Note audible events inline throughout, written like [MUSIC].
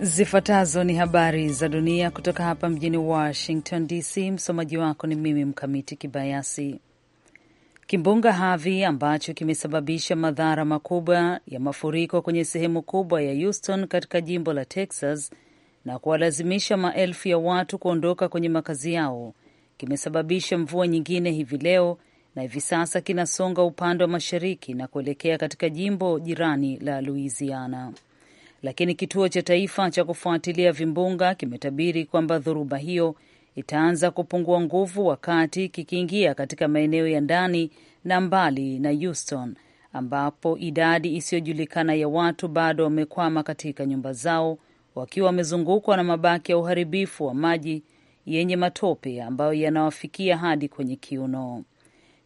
Zifuatazo ni habari za dunia kutoka hapa mjini Washington DC. Msomaji wako ni mimi Mkamiti Kibayasi. Kimbunga Harvey ambacho kimesababisha madhara makubwa ya mafuriko kwenye sehemu kubwa ya Houston katika jimbo la Texas na kuwalazimisha maelfu ya watu kuondoka kwenye makazi yao kimesababisha mvua nyingine hivi leo na hivi sasa kinasonga upande wa mashariki na kuelekea katika jimbo jirani la Louisiana lakini kituo cha taifa cha kufuatilia vimbunga kimetabiri kwamba dhoruba hiyo itaanza kupungua nguvu wakati kikiingia katika maeneo ya ndani na mbali na Houston ambapo idadi isiyojulikana ya watu bado wamekwama katika nyumba zao wakiwa wamezungukwa na mabaki ya uharibifu wa maji yenye matope ambayo yanawafikia hadi kwenye kiuno.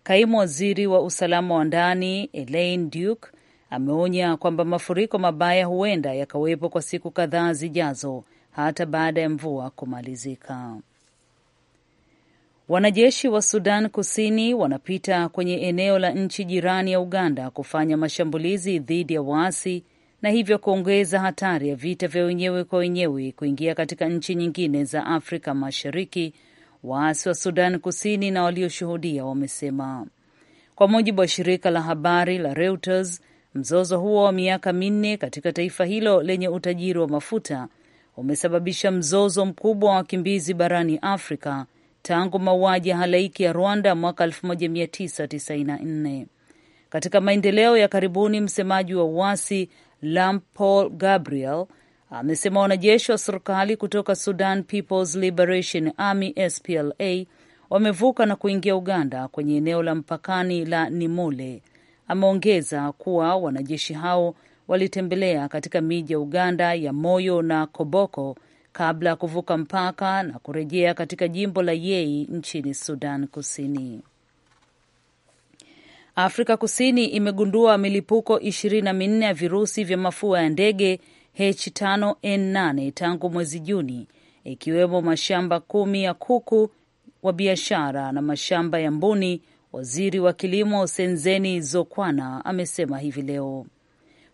Kaimu waziri wa usalama wa ndani Elaine Duke ameonya kwamba mafuriko mabaya huenda yakawepo kwa siku kadhaa zijazo hata baada ya mvua kumalizika. Wanajeshi wa Sudan Kusini wanapita kwenye eneo la nchi jirani ya Uganda kufanya mashambulizi dhidi ya waasi na hivyo kuongeza hatari ya vita vya wenyewe kwa wenyewe kuingia katika nchi nyingine za Afrika Mashariki, waasi wa Sudan Kusini na walioshuhudia wamesema, kwa mujibu wa shirika la habari la Reuters. Mzozo huo wa miaka minne katika taifa hilo lenye utajiri wa mafuta umesababisha mzozo mkubwa wa wakimbizi barani Afrika tangu mauaji ya halaiki ya Rwanda mwaka 1994. Katika maendeleo ya karibuni, msemaji wa uasi Lam Paul Gabriel amesema wanajeshi wa serikali kutoka Sudan People's Liberation Army SPLA wamevuka na kuingia Uganda kwenye eneo la mpakani la Nimule Ameongeza kuwa wanajeshi hao walitembelea katika miji ya Uganda ya Moyo na Koboko kabla ya kuvuka mpaka na kurejea katika jimbo la Yei nchini Sudan Kusini. Afrika Kusini imegundua milipuko ishirini na minne ya virusi vya mafua ya ndege H5N8 tangu mwezi Juni, ikiwemo mashamba kumi ya kuku wa biashara na mashamba ya mbuni Waziri wa kilimo Senzeni Zokwana amesema hivi leo.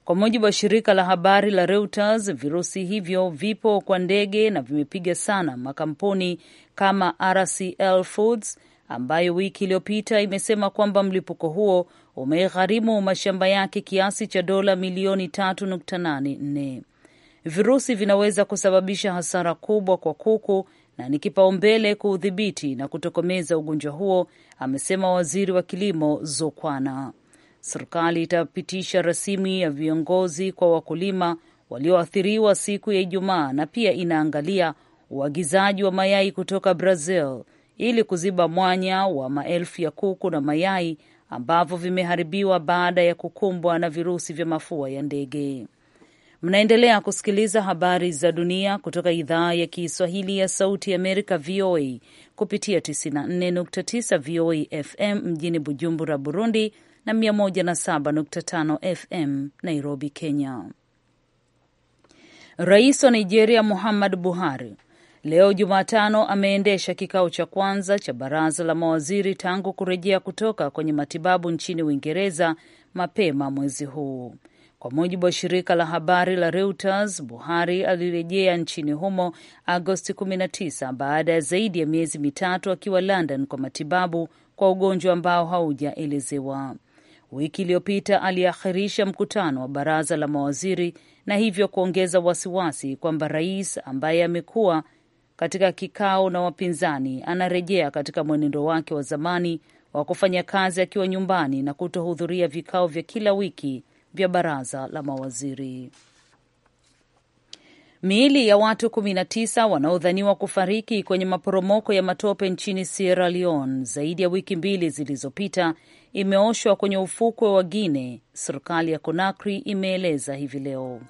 Kwa mujibu wa shirika la habari la Reuters, virusi hivyo vipo kwa ndege na vimepiga sana makampuni kama RCL Foods ambayo wiki iliyopita imesema kwamba mlipuko huo umegharimu mashamba yake kiasi cha dola milioni 3.84. Virusi vinaweza kusababisha hasara kubwa kwa kuku na ni kipaumbele kuudhibiti na kutokomeza ugonjwa huo, amesema waziri wa kilimo Zokwana. Serikali itapitisha rasimu ya viongozi kwa wakulima walioathiriwa siku ya Ijumaa na pia inaangalia uagizaji wa mayai kutoka Brazil ili kuziba mwanya wa maelfu ya kuku na mayai ambavyo vimeharibiwa baada ya kukumbwa na virusi vya mafua ya ndege. Mnaendelea kusikiliza habari za dunia kutoka idhaa ya Kiswahili ya Sauti Amerika, VOA, kupitia 94.9 VOA FM mjini Bujumbura, Burundi, na 107.5 FM Nairobi, Kenya. Rais wa Nigeria Muhammad Buhari leo Jumatano ameendesha kikao cha kwanza cha baraza la mawaziri tangu kurejea kutoka kwenye matibabu nchini Uingereza mapema mwezi huu. Kwa mujibu wa shirika la habari la Reuters, Buhari alirejea nchini humo Agosti 19 baada ya zaidi ya miezi mitatu akiwa London kwa matibabu kwa ugonjwa ambao haujaelezewa. Wiki iliyopita aliakhirisha mkutano wa baraza la mawaziri na hivyo kuongeza wasiwasi kwamba rais ambaye amekuwa katika kikao na wapinzani anarejea katika mwenendo wake wa zamani wa kufanya kazi akiwa nyumbani na kutohudhuria vikao vya kila wiki vya baraza la mawaziri. Miili ya watu 19 wanaodhaniwa kufariki kwenye maporomoko ya matope nchini Sierra Leone zaidi ya wiki mbili zilizopita imeoshwa kwenye ufukwe wa guine serikali ya Conakry imeeleza hivi leo.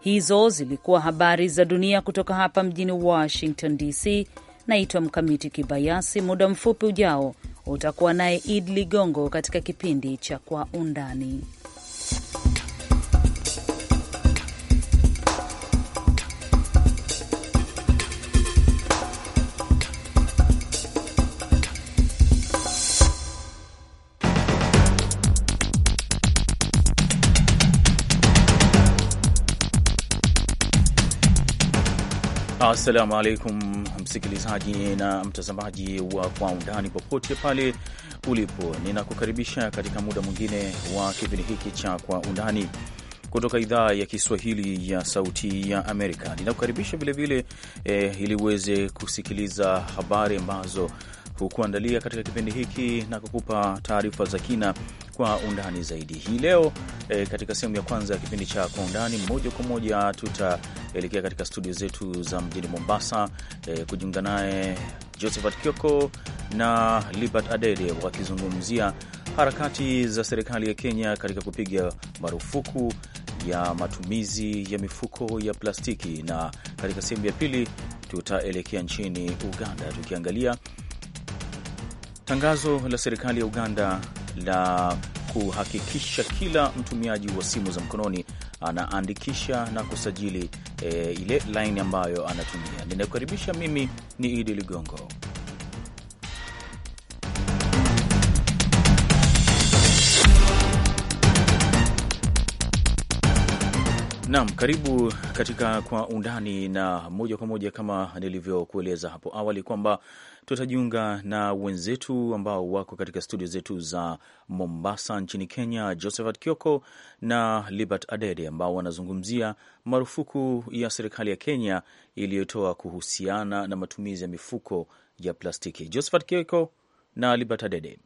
Hizo zilikuwa habari za dunia kutoka hapa mjini Washington DC. Naitwa Mkamiti Kibayasi. Muda mfupi ujao utakuwa naye Id Ligongo katika kipindi cha Kwa Undani. Assalamu alaikum msikilizaji na mtazamaji wa Kwa Undani, popote pale ulipo, ninakukaribisha katika muda mwingine wa kipindi hiki cha Kwa Undani kutoka idhaa ya Kiswahili ya Sauti ya Amerika. Ninakukaribisha vilevile eh, ili uweze kusikiliza habari ambazo hukuandalia katika kipindi hiki na kukupa taarifa za kina kwa undani zaidi hii leo. Eh, katika sehemu ya kwanza ya kipindi cha Kwa Undani, moja kwa moja tuta kuelekea katika studio zetu za mjini Mombasa eh, kujiunga naye Josephat Kioko na Libert Adede wakizungumzia harakati za serikali ya Kenya katika kupiga marufuku ya matumizi ya mifuko ya plastiki, na katika sehemu ya pili tutaelekea nchini Uganda tukiangalia tangazo la serikali ya Uganda la kuhakikisha kila mtumiaji wa simu za mkononi anaandikisha na kusajili e, ile laini ambayo anatumia. Ninakukaribisha, mimi ni Idi Ligongo. Naam, karibu katika Kwa Undani, na moja kwa moja kama nilivyokueleza hapo awali kwamba tutajiunga na wenzetu ambao wako katika studio zetu za Mombasa nchini Kenya, Josephat Kioko na Libert Adede, ambao wanazungumzia marufuku ya serikali ya Kenya iliyotoa kuhusiana na matumizi ya mifuko ya plastiki. Josephat Kioko na Libert Adede.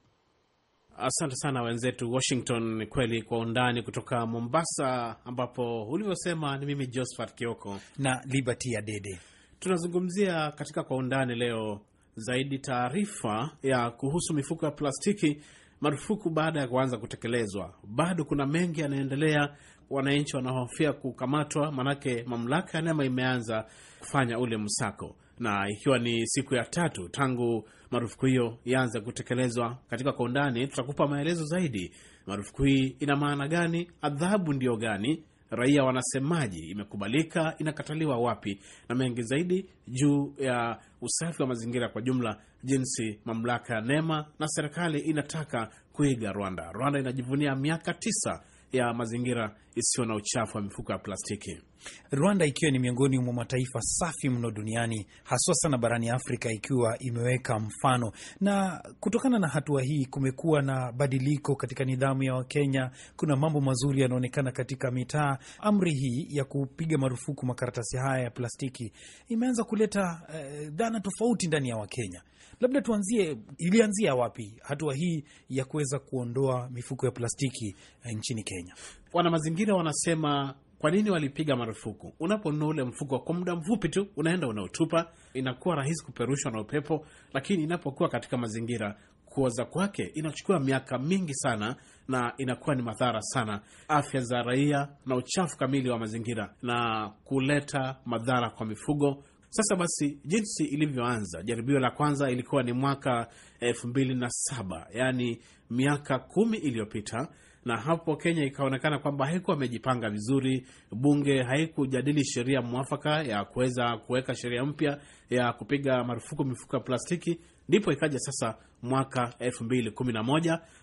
Asante sana wenzetu Washington, kweli kwa undani kutoka Mombasa, ambapo ulivyosema ni mimi Josephat Kioko na Liberty ya Dede. Tunazungumzia katika kwa undani leo zaidi taarifa ya kuhusu mifuko ya plastiki marufuku baada ya kuanza kutekelezwa. Bado kuna mengi yanaendelea, wananchi wanahofia kukamatwa, manake mamlaka ya NEMA imeanza kufanya ule msako, na ikiwa ni siku ya tatu tangu marufuku hiyo ianze kutekelezwa. Katika kwa undani tutakupa maelezo zaidi, marufuku hii ina maana gani, adhabu ndiyo gani, raia wanasemaji, imekubalika, inakataliwa wapi, na mengi zaidi juu ya usafi wa mazingira kwa jumla, jinsi mamlaka ya NEMA na serikali inataka kuiga Rwanda. Rwanda inajivunia miaka tisa ya mazingira isiyo na uchafu wa mifuko ya plastiki. Rwanda ikiwa ni miongoni mwa mataifa safi mno duniani, haswa sana barani Afrika, ikiwa imeweka mfano. Na kutokana na hatua hii, kumekuwa na badiliko katika nidhamu ya Wakenya. Kuna mambo mazuri yanaonekana katika mitaa. Amri hii ya kupiga marufuku makaratasi haya ya plastiki imeanza kuleta eh, dhana tofauti ndani ya Wakenya. Labda tuanzie, ilianzia wapi hatua hii ya kuweza kuondoa mifuko ya plastiki eh, nchini Kenya? Wanamazingira wanasema kwa nini walipiga marufuku? Unaponunua ule mfuko kwa muda mfupi tu unaenda unaotupa, inakuwa rahisi kuperushwa na upepo, lakini inapokuwa katika mazingira, kuoza kwake inachukua miaka mingi sana, na inakuwa ni madhara sana afya za raia na uchafu kamili wa mazingira na kuleta madhara kwa mifugo sasa basi, jinsi ilivyoanza, jaribio la kwanza ilikuwa ni mwaka elfu mbili na saba yaani miaka kumi iliyopita na hapo Kenya ikaonekana kwamba haikuwa amejipanga vizuri. Bunge haikujadili sheria mwafaka ya kuweza kuweka sheria mpya ya kupiga marufuku mifuko ya plastiki, ndipo ikaja sasa mwaka kumi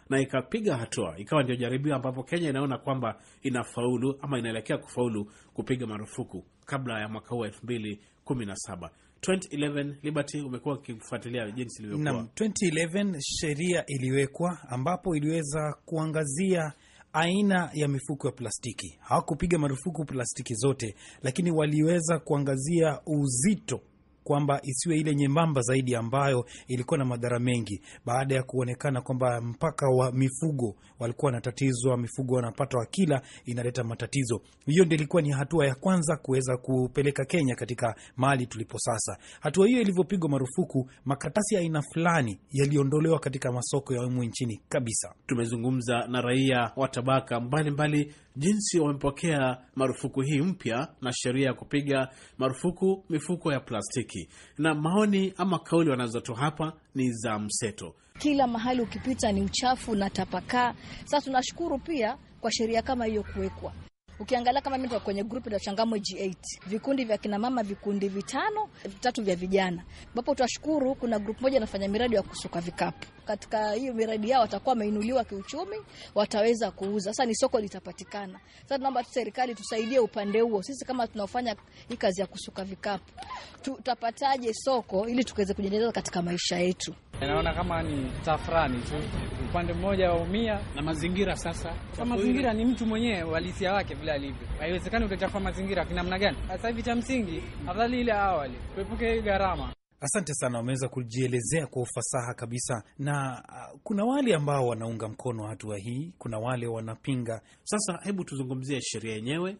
na ikapiga hatua, ikawa ndio jaribio ambapo Kenya inaona kwamba inafaulu ama inaelekea kufaulu kupiga marufuku kabla ya mwaka huu mbili 17. 2011 Liberty, umekuwa ukifuatilia jinsi ilivyokuwa. 2011 sheria iliwekwa ambapo iliweza kuangazia aina ya mifuko ya plastiki. Hawakupiga marufuku plastiki zote, lakini waliweza kuangazia uzito kwamba isiwe ile nyembamba zaidi ambayo ilikuwa na madhara mengi, baada ya kuonekana kwamba mpaka wa mifugo walikuwa na tatizo, mifugo wanapata wakila, inaleta matatizo. Hiyo ndio ilikuwa ni hatua ya kwanza kuweza kupeleka Kenya katika mali tulipo sasa. Hatua hiyo ilivyopigwa marufuku, makatasi ya aina fulani yaliondolewa katika masoko ya umu nchini kabisa. Tumezungumza na raia wa tabaka mbalimbali jinsi wamepokea marufuku hii mpya na sheria ya kupiga marufuku mifuko ya plastiki, na maoni ama kauli wanazotoa hapa ni za mseto. Kila mahali ukipita ni uchafu na tapakaa. Sasa tunashukuru pia kwa sheria kama hiyo kuwekwa. Ukiangalia kama mimi kwenye grupu la Changamwe G8, vikundi vya kinamama, vikundi vitano vitatu vya vijana, ambapo tunashukuru kuna grupu moja inafanya miradi ya kusuka vikapu katika hiyo miradi yao watakuwa wameinuliwa kiuchumi, wataweza kuuza. Sasa ni soko litapatikana. Sasa tunaomba tu serikali tusaidie upande huo. Sisi kama tunaofanya hii kazi ya kusuka vikapu, tutapataje soko ili tuweze kujiendeleza katika maisha yetu? Naona kama ni tafrani tu, upande mmoja waumia na mazingira. Sasa kama mazingira ni mtu mwenyewe uhalisia wake vile alivyo, haiwezekani utachafua mazingira kinamna gani? Sasa hivi cha msingi afadhali ile awali tuepuke hii gharama. Asante sana, wameweza kujielezea kwa ufasaha kabisa, na uh, kuna wale ambao wanaunga mkono hatua hii, kuna wale wanapinga. Sasa hebu tuzungumzie sheria yenyewe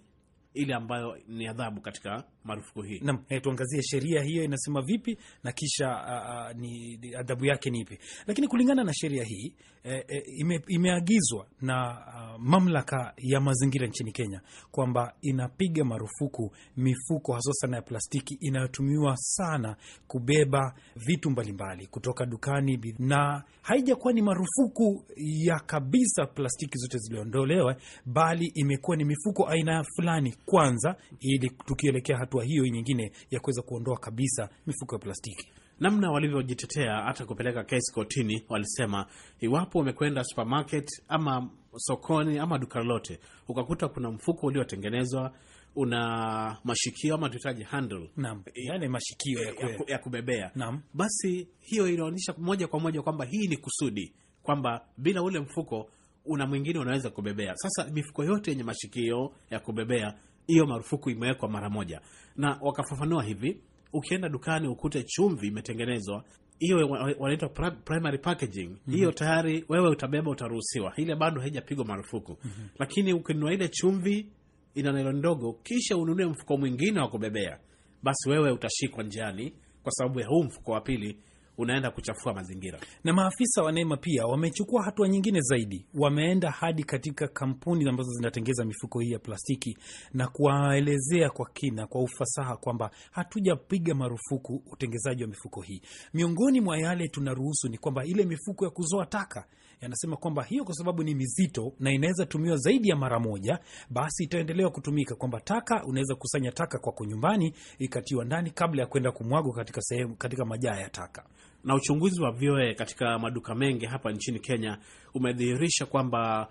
ile ambayo ni adhabu katika marufuku hii. Naam, eh, tuangazie sheria hiyo inasema vipi na kisha uh, ni adhabu yake ni ipi. Lakini kulingana na sheria hii e, e, ime, imeagizwa na a, mamlaka ya mazingira nchini Kenya kwamba inapiga marufuku mifuko hasa sana ya plastiki inayotumiwa sana kubeba vitu mbalimbali kutoka dukani, na haijakuwa ni marufuku ya kabisa plastiki zote ziliondolewa, bali imekuwa ni mifuko aina fulani kwanza, ili tukielekea hatu hatua hiyo nyingine ya kuweza kuondoa kabisa mifuko ya plastiki. Namna walivyojitetea hata kupeleka kesi kotini, walisema iwapo umekwenda supermarket ama sokoni ama duka lolote ukakuta kuna mfuko uliotengenezwa una mashikio ama tuhitaji handle, Nam, yani mashikio ya, ya, ya kubebea, Nam. basi hiyo inaonyesha moja kwa moja kwamba hii ni kusudi kwamba bila ule mfuko una mwingine unaweza kubebea. Sasa mifuko yote yenye mashikio ya kubebea hiyo marufuku imewekwa mara moja, na wakafafanua hivi, ukienda dukani ukute chumvi imetengenezwa hiyo wanaitwa primary packaging mm hiyo -hmm. Tayari wewe utabeba, utaruhusiwa. Ile bado haijapigwa marufuku mm -hmm. Lakini ukinunua ile chumvi ina nailoni ndogo, kisha ununue mfuko mwingine wa kubebea, basi wewe utashikwa njiani kwa sababu ya huu mfuko wa pili unaenda kuchafua mazingira. Na maafisa wa NEMA pia wamechukua hatua nyingine zaidi, wameenda hadi katika kampuni ambazo zinatengeza mifuko hii ya plastiki na kuwaelezea kwa kina, kwa ufasaha kwamba hatujapiga marufuku utengezaji wa mifuko hii. Miongoni mwa yale tunaruhusu ni kwamba ile mifuko ya kuzoa taka, yanasema kwamba hiyo kwa sababu ni mizito na inaweza tumiwa zaidi ya mara moja, basi itaendelewa kutumika, kwamba taka unaweza kusanya taka kwako nyumbani, ikatiwa ndani kabla ya kwenda kumwagwa katika sehemu, katika majaa ya taka. Na uchunguzi wa VOA katika maduka mengi hapa nchini Kenya umedhihirisha kwamba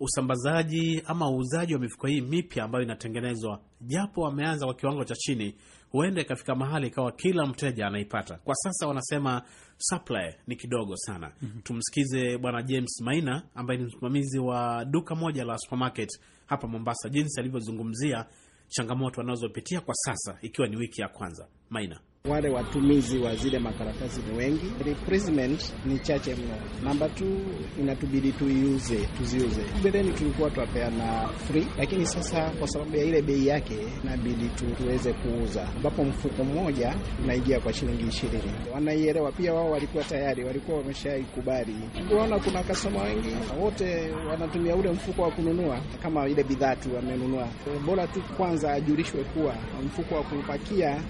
usambazaji ama uuzaji wa mifuko hii mipya ambayo inatengenezwa, japo wameanza kwa kiwango cha chini, huenda ikafika mahali ikawa kila mteja anaipata. Kwa sasa wanasema supply ni kidogo sana. mm -hmm. Tumsikize Bwana James Maina ambaye ni msimamizi wa duka moja la supermarket hapa Mombasa, jinsi alivyozungumzia changamoto anazopitia kwa sasa, ikiwa ni wiki ya kwanza. Maina wale watumizi wa zile makaratasi ni wengi, replacement ni chache mno. Namba tu inatubidi tuiuze, tuziuze. Mbeleni tulikuwa na free, lakini sasa kwa sababu ya ile bei yake inabidi tu, tuweze kuuza, ambapo mfuko mmoja unaingia kwa shilingi ishirini. Wanaielewa pia, wao walikuwa tayari, walikuwa wameshaikubali. Ukiwaona kuna kasoma wengi, wote wanatumia ule mfuko wa kununua, kama ile bidhaa tu wamenunua. Bora tu kwanza ajulishwe kuwa mfuko wa kupakia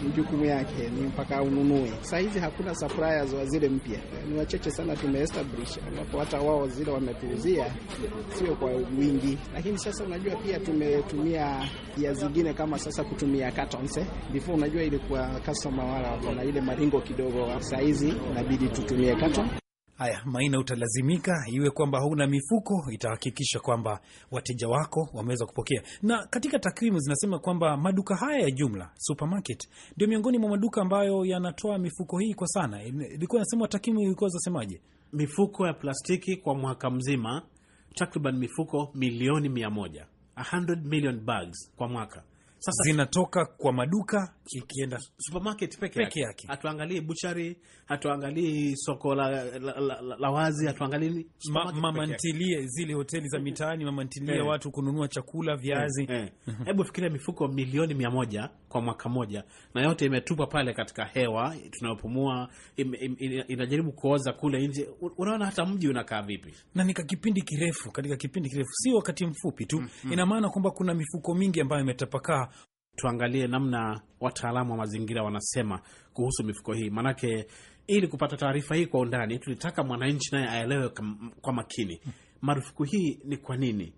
ni jukumu yake, ni mpaka ununue. Saa hizi hakuna suppliers wa zile mpya, ni wachache sana tumeestablish, ambapo hata wao zile wametuuzia sio kwa wingi. Lakini sasa unajua pia tumetumia ya zingine kama sasa kutumia cartons. Eh? Before unajua ilikuwa customer wala wako na ile maringo kidogo, saa hizi inabidi tutumie carton. Haya Maina, utalazimika iwe kwamba huna mifuko, itahakikisha kwamba wateja wako wameweza kupokea. Na katika takwimu zinasema kwamba maduka haya ya jumla supermarket ndio miongoni mwa maduka ambayo yanatoa mifuko hii kwa sana. Ilikuwa inasema takwimu ilikuwa zasemaje? Mifuko ya plastiki kwa mwaka mzima takriban mifuko milioni mia moja, 100 million bags kwa mwaka sasa zinatoka kwa maduka ikienda supermarket peke yake yake. Hatuangalie buchari, hatuangalii soko la, la, la, la wazi, hatuangalie ma, mama ntilie zile hoteli za mitaani, mama ntilie eh. watu kununua chakula, eh, viazi. Eh. [LAUGHS] Mhm. Hebu fikiria mifuko milioni mia moja kwa mwaka moja, na yote imetupa pale katika hewa tunayopumua, im, im, inajaribu kuoza kule nje. Unaona hata mji unakaa vipi, na ni kipindi kirefu, katika kipindi kirefu, si wakati mfupi tu mm -hmm. ina maana kwamba kuna mifuko mingi ambayo imetapakaa tuangalie namna wataalamu wa mazingira wanasema kuhusu mifuko hii, maanake ili kupata taarifa hii kwa undani, tulitaka mwananchi naye aelewe kwa makini marufuku hii ni kwa nini,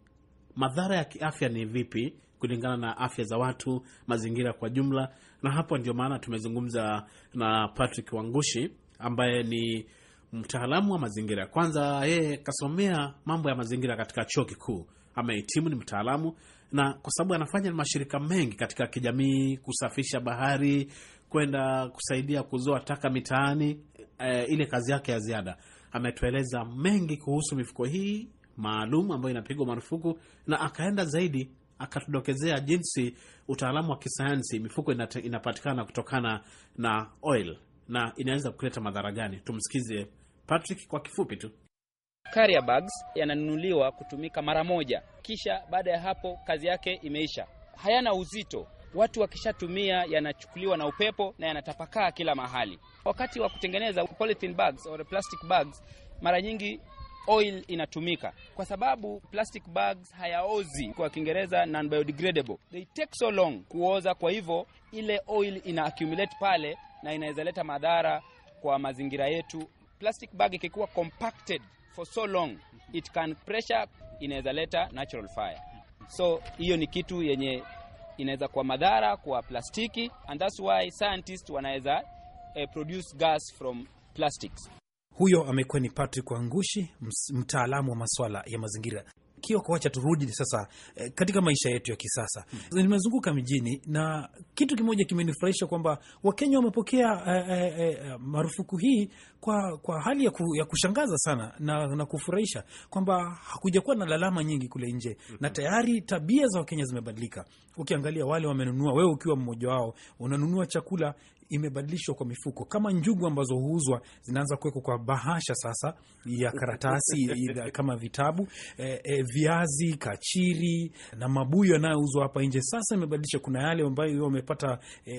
madhara ya kiafya ni vipi kulingana na afya za watu, mazingira kwa jumla. Na hapo ndio maana tumezungumza na Patrick Wangushi ambaye ni mtaalamu wa mazingira. Kwanza yeye kasomea mambo ya mazingira katika chuo kikuu amehitimu, ni mtaalamu, na kwa sababu anafanya mashirika mengi katika kijamii, kusafisha bahari, kwenda kusaidia kuzoa taka mitaani, e, ile kazi yake ya ziada. Ametueleza mengi kuhusu mifuko hii maalum ambayo inapigwa marufuku, na akaenda zaidi akatudokezea jinsi utaalamu wa kisayansi mifuko inapatikana kutokana na oil na inaweza kuleta madhara gani. Tumsikize Patrick kwa kifupi tu. Carrier bags yananunuliwa kutumika mara moja, kisha baada ya hapo kazi yake imeisha. Hayana uzito, watu wakishatumia yanachukuliwa na upepo na yanatapakaa kila mahali. Wakati wa kutengeneza polythene bags or plastic bags, mara nyingi oil inatumika kwa sababu plastic bags hayaozi, kwa Kiingereza non biodegradable, they take so long kuoza. Kwa hivyo ile oil ina accumulate pale na inaweza leta madhara kwa mazingira yetu. Plastic bag ikikuwa compacted for so long it can pressure, inaweza leta natural fire. So hiyo ni kitu yenye inaweza kwa madhara kwa plastiki, and that's why scientists wanaweza uh, produce gas from plastics. Huyo amekuwa ni Patrick Wangushi, mtaalamu wa masuala ya mazingira. Kioko, kuacha turudi sasa eh, katika maisha yetu ya kisasa hmm. Nimezunguka mijini na kitu kimoja kimenifurahisha kwamba Wakenya wamepokea eh, eh, eh, marufuku hii kwa, kwa hali ya, ku, ya kushangaza sana na, na kufurahisha kwamba hakujakuwa na lalama nyingi kule nje mm -hmm. Na tayari tabia za Wakenya zimebadilika. Ukiangalia wale wamenunua, wewe ukiwa mmoja wao unanunua chakula imebadilishwa kwa mifuko, kama njugu ambazo huuzwa zinaanza kuwekwa kwa bahasha sasa ya karatasi [LAUGHS] kama vitabu e, e, viazi, kachiri na mabuyu yanayouzwa hapa nje sasa imebadilisha. Kuna yale ambayo wamepata e,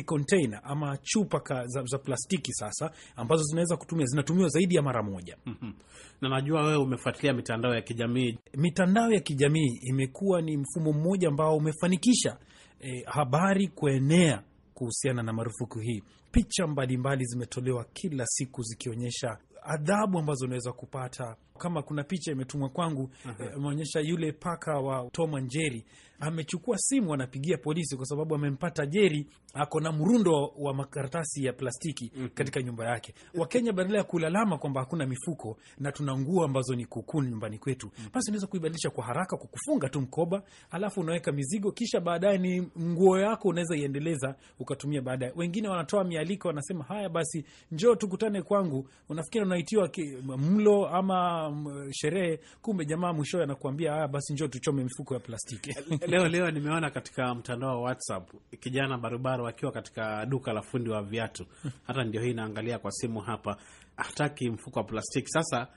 e, container ama chupa ka, za, za plastiki sasa ambazo zinaweza kutumia zinatumiwa zaidi ya mara moja. mm -hmm. Na najua wewe umefuatilia mitandao ya kijamii. Mitandao ya kijamii imekuwa ni mfumo mmoja ambao umefanikisha e, habari kuenea kuhusiana na marufuku hii. Picha mbalimbali mbali zimetolewa kila siku zikionyesha adhabu ambazo unaweza kupata kama kuna picha imetumwa kwangu imeonyesha eh, yule paka wa Tom and Jerry amechukua simu, anapigia polisi kwa sababu amempata jeri ako na mrundo wa makaratasi ya plastiki mm -hmm. katika nyumba yake. Wakenya badala ya kulalama kwamba hakuna mifuko na tuna nguo ambazo ni kuku nyumbani kwetu, mhm. basi mm -hmm. unaweza kuibadilisha kwa haraka kwa kufunga tu mkoba, alafu unaweka mizigo, kisha baadaye ni nguo yako unaweza iendeleza ukatumia baadaye. Wengine wanatoa mialiko, wanasema haya basi, njoo tukutane kwangu. Unafikiri unaitiwa mlo ama sherehe, kumbe jamaa mwishowe anakuambia haya, ah, basi njoo tuchome mifuko ya plastiki. [LAUGHS] Leo leo nimeona katika mtandao wa WhatsApp kijana barubaru akiwa katika duka la fundi wa viatu, [LAUGHS] hata ndio hii naangalia kwa simu hapa, hataki mfuko wa plastiki. Sasa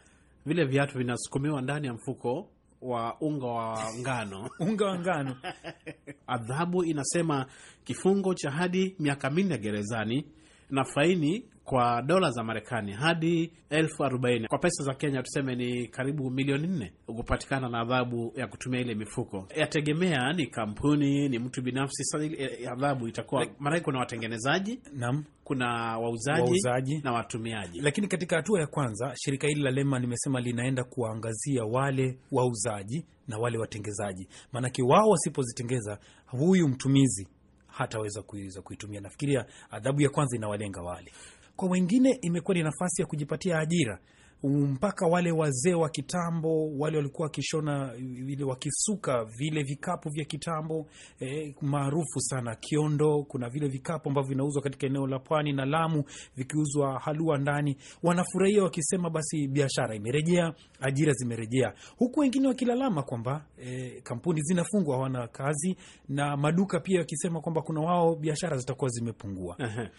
vile viatu vinasukumiwa ndani ya mfuko wa unga wa ngano [LAUGHS] unga wa ngano. Adhabu inasema kifungo cha hadi miaka minne gerezani na faini kwa dola za Marekani hadi elfu arobaini kwa pesa za Kenya tuseme ni karibu milioni nne kupatikana na adhabu ya kutumia ile mifuko. Yategemea ni kampuni, ni mtu binafsi. Sasa ile adhabu itakuwa maanake, kuna watengenezaji naam, kuna wauzaji, wauzaji na watumiaji. Lakini katika hatua ya kwanza, shirika hili la Lema limesema linaenda kuwaangazia wale wauzaji na wale watengezaji, maanake wao wasipozitengeza huyu mtumizi hataweza kuiweza kuitumia. Nafikiria adhabu ya kwanza inawalenga wale kwa wengine imekuwa ni nafasi ya kujipatia ajira mpaka wale wazee wa kitambo wale walikuwa wakishona vile wakisuka vile vikapu vya kitambo eh, maarufu sana kiondo. Kuna vile vikapu ambavyo vinauzwa katika eneo la pwani na Lamu, vikiuzwa halua ndani, wanafurahia wakisema, basi biashara imerejea, ajira zimerejea, huku wengine wakilalama kwamba eh, kampuni zinafungwa, hawana kazi, na maduka pia wakisema kwamba kuna wao biashara zitakuwa zimepungua. uh-huh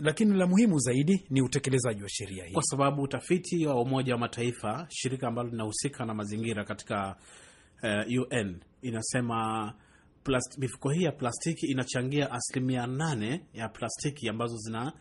lakini la muhimu zaidi ni utekelezaji wa sheria hii, kwa sababu utafiti wa Umoja wa Mataifa, shirika ambalo linahusika na mazingira katika uh, eh, UN inasema plast, mifuko hii ya plastiki inachangia asilimia nane ya plastiki ambazo zina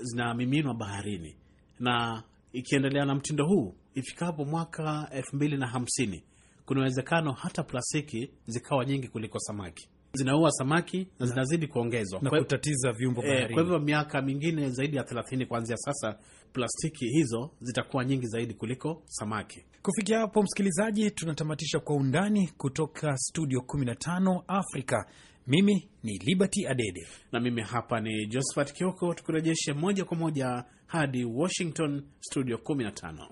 zinamiminwa baharini, na ikiendelea na mtindo huu ifikapo mwaka elfu mbili na hamsini kuna uwezekano hata plastiki zikawa nyingi kuliko samaki zinaua samaki na zinazidi kuongezwa na kutatiza viumbe eh, baharini. Kwa hivyo miaka mingine zaidi ya 30 kuanzia sasa plastiki hizo zitakuwa nyingi zaidi kuliko samaki. Kufikia hapo, msikilizaji, tunatamatisha kwa undani kutoka studio 15 Afrika. Mimi ni Liberty Adede na mimi hapa ni Josephat Kioko, tukurejeshe moja kwa moja hadi Washington studio 15.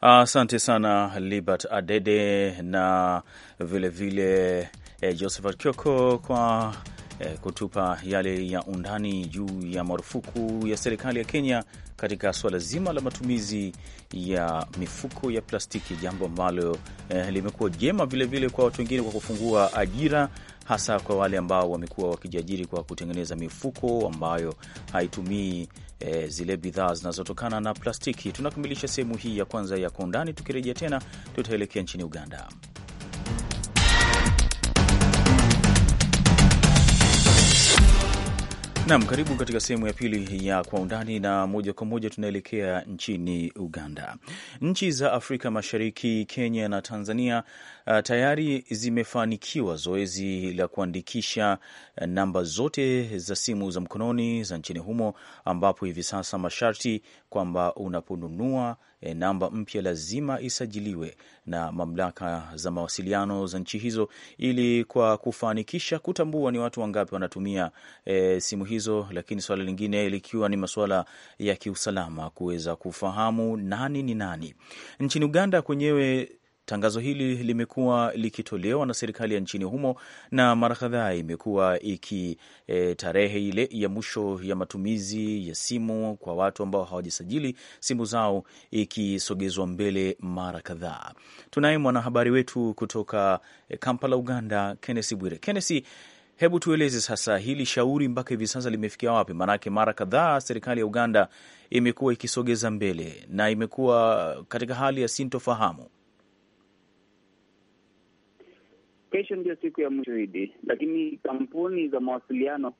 Asante sana Libert Adede na vilevile vile eh, Josephat Kioko kwa eh, kutupa yale ya undani juu ya marufuku ya serikali ya Kenya katika suala zima la matumizi ya mifuko ya plastiki, jambo ambalo eh, limekuwa jema vilevile kwa watu wengine kwa kufungua ajira hasa kwa wale ambao wamekuwa wakijiajiri kwa kutengeneza mifuko ambayo haitumii e, zile bidhaa zinazotokana na plastiki. Tunakamilisha sehemu hii ya kwanza ya Kwa Undani. Tukirejea tena, tutaelekea nchini Uganda. Nam, karibu katika sehemu ya pili ya kwa undani, na moja kwa moja tunaelekea nchini Uganda. Nchi za Afrika Mashariki, Kenya na Tanzania uh, tayari zimefanikiwa zoezi la kuandikisha uh, namba zote za simu za mkononi za nchini humo, ambapo hivi sasa masharti kwamba unaponunua e, namba mpya lazima isajiliwe na mamlaka za mawasiliano za nchi hizo, ili kwa kufanikisha kutambua ni watu wangapi wanatumia e, simu hizo, lakini suala lingine likiwa ni masuala ya kiusalama, kuweza kufahamu nani ni nani. Nchini Uganda kwenyewe Tangazo hili limekuwa likitolewa na serikali ya nchini humo na mara kadhaa imekuwa iki e, tarehe ile ya mwisho ya matumizi ya simu kwa watu ambao hawajasajili simu zao ikisogezwa mbele mara kadhaa. Tunaye mwanahabari wetu kutoka e, Kampala, Uganda, Kennesi Bwire. Kennesi, hebu tueleze sasa hili shauri mpaka hivi sasa limefikia wapi? Maanake mara kadhaa serikali ya Uganda imekuwa ikisogeza mbele na imekuwa katika hali ya sintofahamu. Kesho ndio siku ya mwisho hidi lakini kampuni za mawasiliano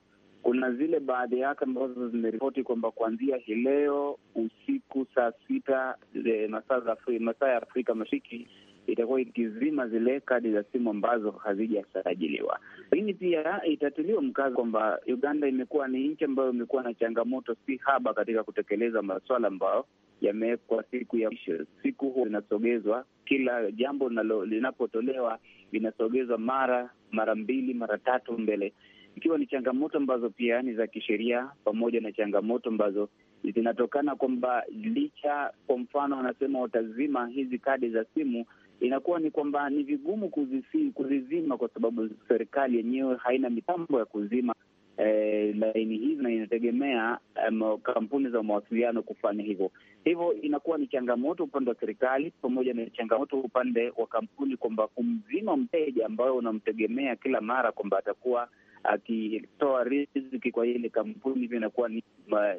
kuna zile baadhi yake ambazo zimeripoti kwamba kuanzia hii leo usiku saa sita eh, masaa ya Afrika Mashariki itakuwa ikizima zile kadi za simu ambazo hazijasajiliwa. Lakini pia itatiliwa mkazo kwamba Uganda imekuwa ni nchi ambayo imekuwa na changamoto si haba katika kutekeleza maswala ambayo yamewekwa siku ya mwisho. Siku huo zinasogezwa, kila jambo linapotolewa linasogezwa mara mara mbili mara tatu mbele, ikiwa ni changamoto ambazo pia ni za kisheria, pamoja na changamoto ambazo zinatokana kwamba licha, kwa mfano, wanasema watazima hizi kadi za simu, inakuwa ni kwamba ni vigumu kuzisi, kuzizima kwa sababu serikali yenyewe haina mitambo ya kuzima eh, laini hizi na inategemea um, kampuni za mawasiliano kufanya hivyo. Hivyo inakuwa ni changamoto upande wa serikali pamoja na changamoto upande wa kampuni, kwamba kumzima mteja ambayo unamtegemea kila mara kwamba atakuwa akitoa riziki kwa ile kampuni, hivyo inakuwa ni,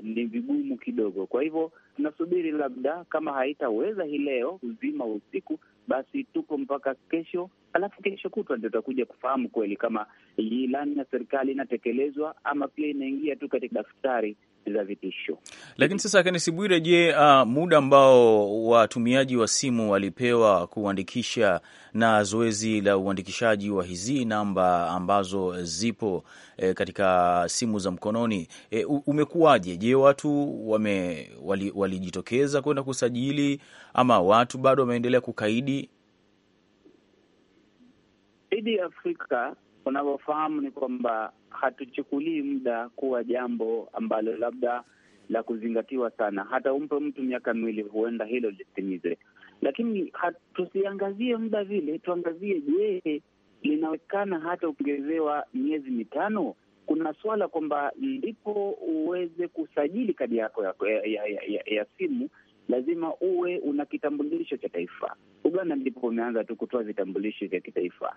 ni vigumu kidogo. Kwa hivyo tunasubiri labda, kama haitaweza hii leo kuzima usiku, basi tuko mpaka kesho alafu kesho kutwa ndio tutakuja kufahamu kweli kama hii ilani ya serikali inatekelezwa ama pia inaingia tu katika daftari za vitisho. Lakini sasa, Kenesi Bwire, je, uh, muda ambao watumiaji wa simu walipewa kuandikisha na zoezi la uandikishaji wa hizi namba ambazo zipo eh, katika simu za mkononi eh, umekuwaje? Je, watu wame walijitokeza wali kwenda kusajili ama watu bado wameendelea kukaidi zaidi Afrika unavyofahamu ni kwamba hatuchukulii muda kuwa jambo ambalo labda la kuzingatiwa sana. Hata umpe mtu miaka miwili, huenda hilo litimize lakini tusiangazie muda vile, tuangazie, je, linawezekana hata ukiongezewa miezi mitano? Kuna swala kwamba ndipo uweze kusajili kadi yako ya, ya, ya, ya, ya simu lazima uwe una kitambulisho cha taifa. Uganda ndipo umeanza tu kutoa vitambulisho vya kitaifa.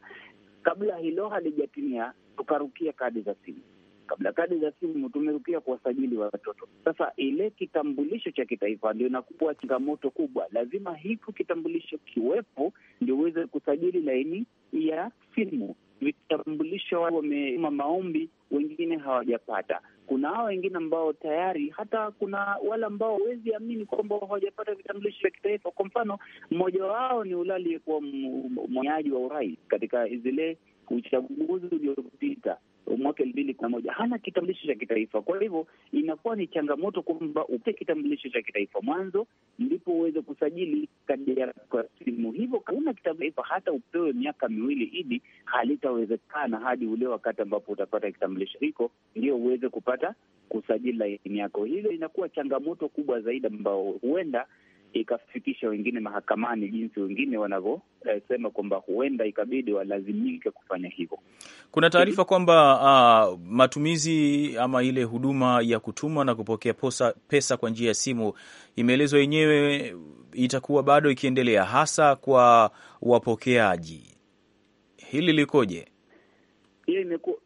Kabla hilo halijatimia, tukarukia kadi za simu kabla kadi za simu tumerukia kuwasajili watoto. Sasa ile kitambulisho cha kitaifa ndio inakuwa changamoto kubwa, lazima hiko kitambulisho kiwepo ndio uweze kusajili laini ya simu. Vitambulisho wametuma maombi, wengine hawajapata. Kuna hao wengine ambao tayari, hata kuna wale ambao wezi amini kwamba hawajapata vitambulisho vya kitaifa. Kwa mfano, mmoja wao ni ule aliyekuwa mwenyeaji wa urais katika zile uchaguzi uliopita mwaka elfu mbili kumi na moja hana kitambulisho cha kitaifa. Kwa hivyo inakuwa ni changamoto kwamba upe kitambulisho cha kitaifa mwanzo, ndipo uweze kusajili kadi yako ya simu. Hivyo kauna kitaifa hata upewe miaka miwili ili halitawezekana hadi ule wakati ambapo utapata kitambulisho hiko, ndio uweze kupata kusajili laini yako. Hilo inakuwa changamoto kubwa zaidi, ambao huenda ikafikisha wengine mahakamani, jinsi wengine wanavyosema eh, kwamba huenda ikabidi walazimike kufanya hivyo. Kuna taarifa kwamba uh, matumizi ama ile huduma ya kutuma na kupokea posa, pesa kwa njia ya simu imeelezwa yenyewe itakuwa bado ikiendelea, hasa kwa wapokeaji. Hili likoje? Hiyo imekuwa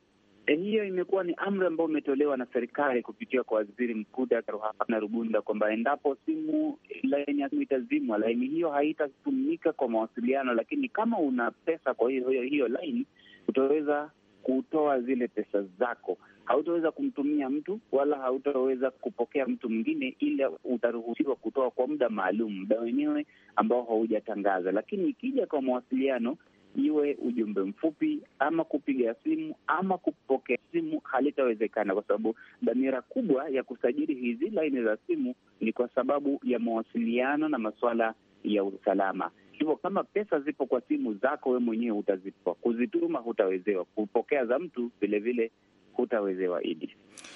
Eh, hiyo imekuwa ni amri ambayo imetolewa na serikali kupitia kwa waziri mkuu Dr. Hafna Rubunda kwamba endapo simu laini ya simu itazimwa, laini hiyo haitatumika kwa mawasiliano, lakini kama una pesa kwa hiyo hiyo, hiyo laini utaweza kutoa zile pesa zako. Hautaweza kumtumia mtu wala hautaweza kupokea mtu mwingine, ila utaruhusiwa kutoa kwa muda maalum, muda wenyewe ambao haujatangaza. Lakini ikija kwa mawasiliano, iwe ujumbe mfupi ama kupiga simu ama kupokea simu, halitawezekana kwa sababu dhamira kubwa ya kusajili hizi laini za simu ni kwa sababu ya mawasiliano na masuala ya usalama. Hivyo kama pesa zipo kwa simu zako, we mwenyewe utazitoa, kuzituma hutawezewa, kupokea za mtu vilevile hutawezewa idi.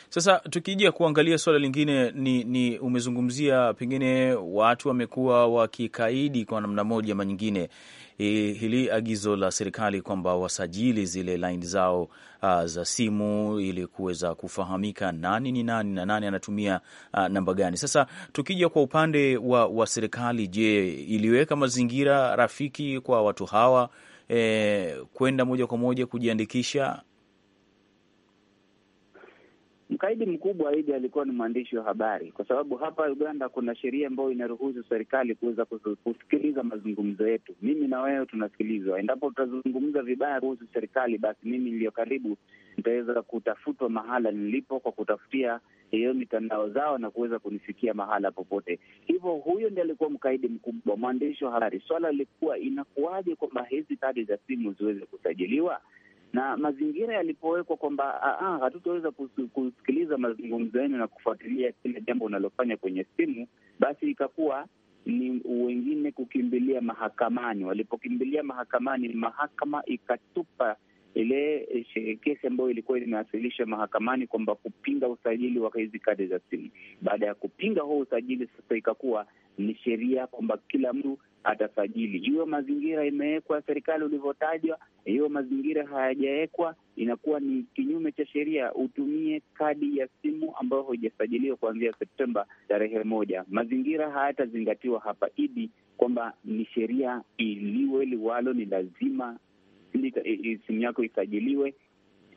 Sasa tukija kuangalia suala lingine ni, ni umezungumzia pengine watu wamekuwa wakikaidi kwa namna moja ama nyingine e, hili agizo la serikali kwamba wasajili zile laini zao a, za simu ili kuweza kufahamika nani ni nani na nani anatumia a, namba gani. Sasa tukija kwa upande wa, wa serikali, je, iliweka mazingira rafiki kwa watu hawa e, kwenda moja kwa moja kujiandikisha Mkaidi mkubwa aidi alikuwa ni mwandishi wa habari, kwa sababu hapa Uganda kuna sheria ambayo inaruhusu serikali kuweza kusikiliza mazungumzo yetu. Mimi na wewe tunasikilizwa. Endapo tutazungumza vibaya kuhusu serikali, basi mimi niliyo karibu nitaweza kutafutwa mahala nilipo kwa kutafutia hiyo mitandao zao na kuweza kunifikia mahala popote. Hivyo huyo ndiye alikuwa mkaidi mkubwa, mwandishi wa habari. Swala lilikuwa inakuwaje kwamba hizi kadi za simu ziweze kusajiliwa? na mazingira yalipowekwa kwamba ah, ah, hatutaweza kusikiliza mazungumzo yenu na kufuatilia kile jambo unalofanya kwenye simu, basi ikakuwa ni wengine kukimbilia mahakamani. Walipokimbilia mahakamani, mahakama ikatupa ile eh, kesi ambayo ilikuwa imewasilisha mahakamani kwamba kupinga usajili wa hizi kadi za simu. Baada ya kupinga huo usajili, sasa ikakuwa ni sheria kwamba kila mtu atasajili. Hiyo mazingira imewekwa serikali ulivyotajwa, hiyo mazingira hayajawekwa, inakuwa ni kinyume cha sheria, utumie kadi ya simu ambayo haijasajiliwa kuanzia Septemba tarehe moja. Mazingira hayatazingatiwa hapa idi kwamba ni sheria iliwe liwalo, ni lazima ili simu yako isajiliwe.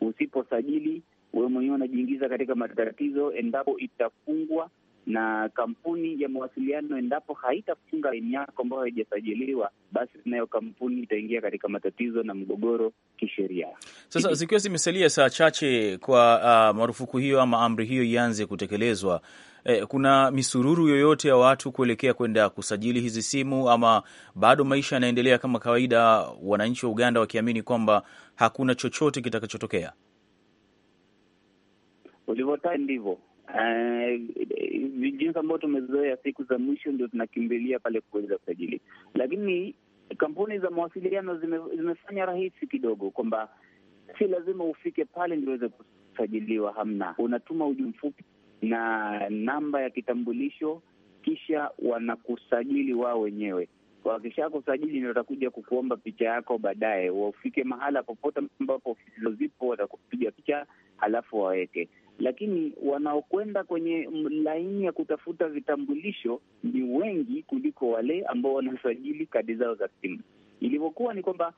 Usiposajili, wewe mwenyewe unajiingiza katika matatizo endapo itafungwa na kampuni ya mawasiliano, endapo haitafunga laini yako ambayo haijasajiliwa, basi nayo kampuni itaingia katika matatizo na mgogoro kisheria. Sasa zikiwa zimesalia saa chache kwa uh, marufuku hiyo ama amri hiyo ianze kutekelezwa, eh, kuna misururu yoyote ya watu kuelekea kwenda kusajili hizi simu ama bado maisha yanaendelea kama kawaida, wananchi wa Uganda wakiamini kwamba hakuna chochote kitakachotokea? Ulivyotaja ndivyo vijinsi eh, eh, uh, ambao tumezoea siku za mwisho ndio tunakimbilia pale kuweza kusajili, lakini kampuni za mawasiliano zime, zimefanya rahisi kidogo kwamba si lazima ufike pale ndio uweze kusajiliwa. Hamna, unatuma ujumbe mfupi na namba ya kitambulisho, kisha wanakusajili wao wenyewe. Wakisha kusajili ndio watakuja kukuomba picha yako, baadaye wafike mahala popote ambapo ofisi zipo, watakupiga picha halafu waweke lakini wanaokwenda kwenye laini ya kutafuta vitambulisho ni wengi kuliko wale ambao wanasajili kadi zao za simu. Ilivyokuwa ni kwamba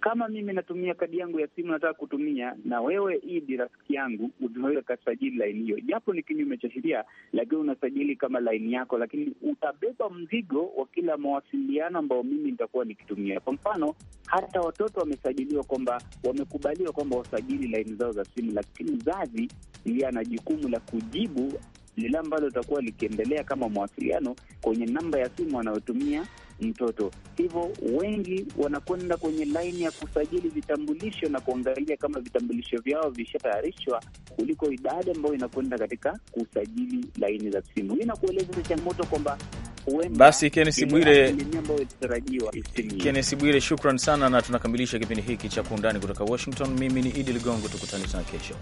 kama mimi natumia kadi yangu ya simu nataka kutumia na wewe, Idi rafiki yangu, unaweza ukasajili laini hiyo, japo ni kinyume cha sheria, lakini unasajili kama laini yako, lakini utabeba mzigo wa kila mawasiliano ambayo mimi nitakuwa nikitumia. Kwa mfano, hata watoto wamesajiliwa kwamba wamekubaliwa kwamba wasajili laini zao za simu, lakini mzazi ndiye ana jukumu la kujibu lile ambalo litakuwa likiendelea kama mawasiliano kwenye namba ya simu anayotumia mtoto. Hivyo wengi wanakwenda kwenye laini ya kusajili vitambulisho na kuangalia kama vitambulisho vyao vishatayarishwa kuliko idadi ambayo inakwenda katika kusajili laini za simu. Hii inakueleza changamoto kwamba basi Kenesi Bwire, Kenesi Bwire, shukran sana, na tunakamilisha kipindi hiki cha Kwa Undani kutoka Washington. Mimi ni Idi Ligongo, tukutane tena kesho.